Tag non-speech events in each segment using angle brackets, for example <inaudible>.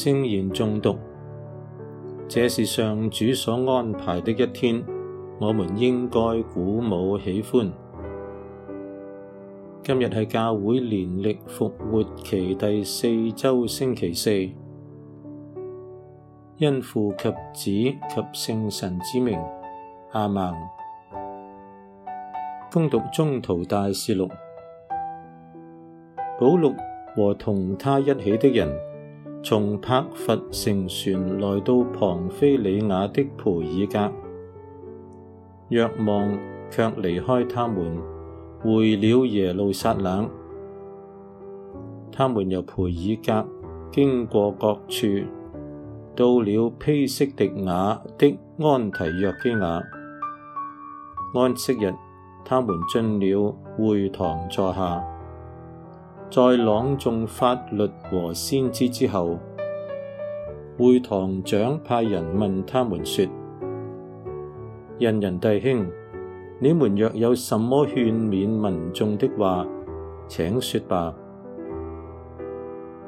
聖言誦讀，這是上主所安排的一天，我們應該鼓舞喜歡。今日係教會年曆復活期第四周星期四，因父及子及聖神之名，阿門。恭讀宗徒大事錄，保祿和同他一起的人。從帕佛乘船來到旁非里雅的培爾革，若望卻離開他們，回了耶路撒冷。他們由培爾革經過各處，到了丕息狄雅的安提約基雅。安息日，他們進了會堂坐下。在朗誦法律和先知之後，會堂長派人問他們說：仁人弟兄，你們若有什麼勸勉民眾的話，請說吧！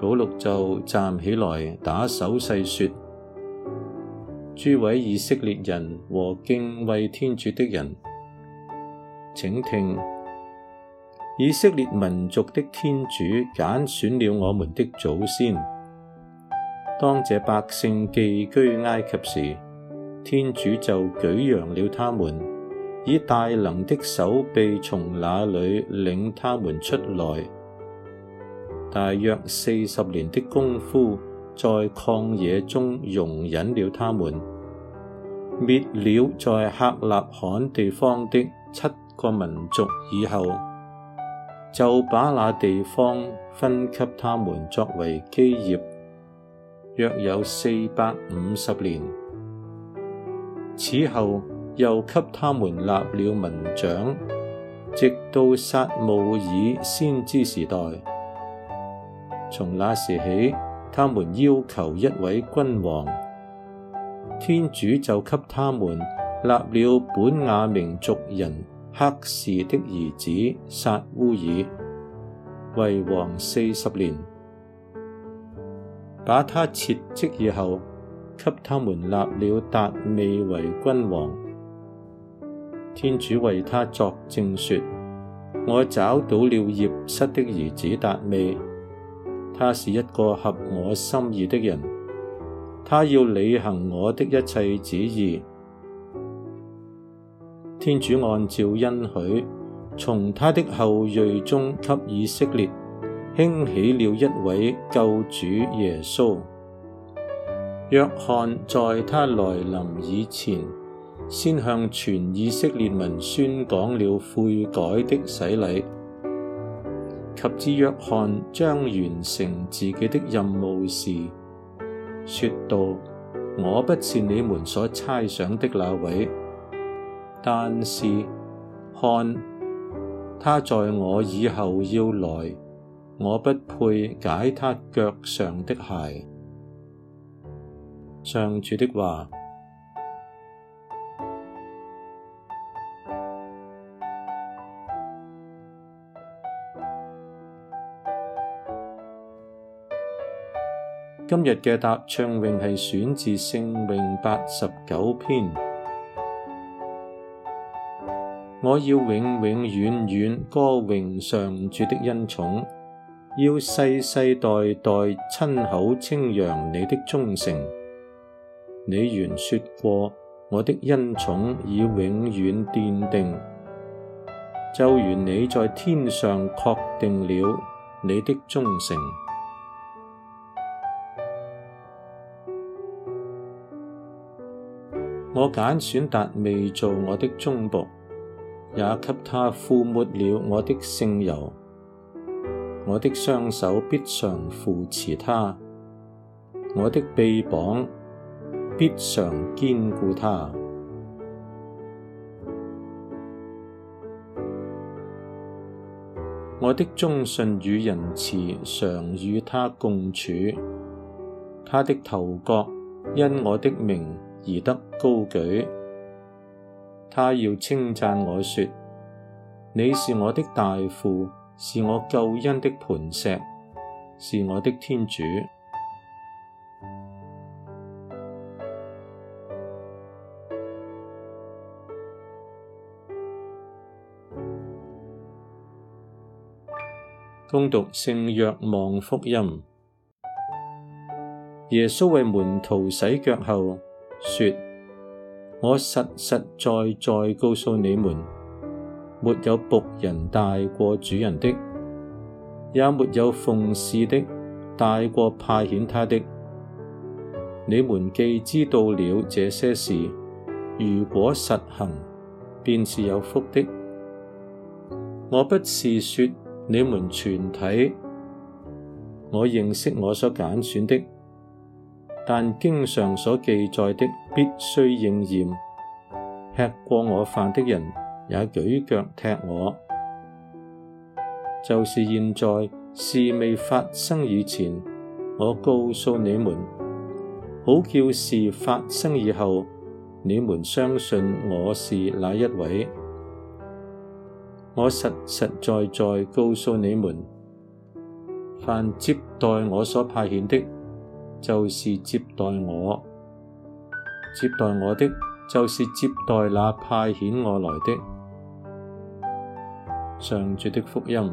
保祿就站起來打手勢說：諸位以色列人和敬畏天主的人，請聽！以色列民族的天主揀選了我們的祖先。當這百姓寄居埃及時，天主就舉揚了他們，以大能的手臂從那裏領他們出來。大約四十年的功夫在曠野中容忍了他們。滅了在客納罕地方的七個民族以後，就把那地方分給他們作為基業，約有四百五十年。此後，又給他們立了民長，直到撒慕爾先知時代。從那時起，他們要求一位君王，天主就給他們立了本雅明族人。克士的兒子撒烏耳為王四十年，把他撤職以後，給他們立了達味為君王。天主為他作證說：我找到了葉瑟的兒子達味，他是一個合我心意的人，他要履行我的一切旨意。天主按照恩許，從他的後裔中給以色列興起了一位救主耶穌。若翰在他來臨以前，先向全以色列民宣講了悔改的洗禮，及至若翰將完成自己的任務時，說道：我不是你們所猜想的那位。但是，看，他在我以後要來，我不配解他腳上的鞋。上主的話。今日嘅答唱詠係選自聖詠八十九篇。我要永永遠遠歌詠上主的恩寵，要世世代代親口稱揚你的忠誠。你原說過，我的恩寵已永遠奠定，就如你在天上確定了你的忠誠。我揀選達味做我的忠僕。也給他傅抹了我的聖油，我的雙手必常扶持他，我的臂膀必常堅固他，我的忠信與仁慈常與他共處，他的頭角因我的名而得高舉。他要稱讚我說：你是我的大父，是我救恩的磐石，是我的天主。恭 <noise> 讀聖若望福音，耶穌為門徒洗腳後說。我實實在在告訴你們，沒有僕人大過主人的，也沒有奉使的大過派遣他的。你們既知道了這些事，如果實行，便是有福的。我不是說你們全體，我認識我所揀選的。但經上所記載的必須應驗，吃過我飯的人，也舉腳踢我。就是現在事未發生以前，我告訴你們，好叫事發生以後，你們相信我是那一位。我實實在在告訴你們，凡接待我所派遣的。就是接待我，接待我的就是接待那派遣我來的。上主的福音。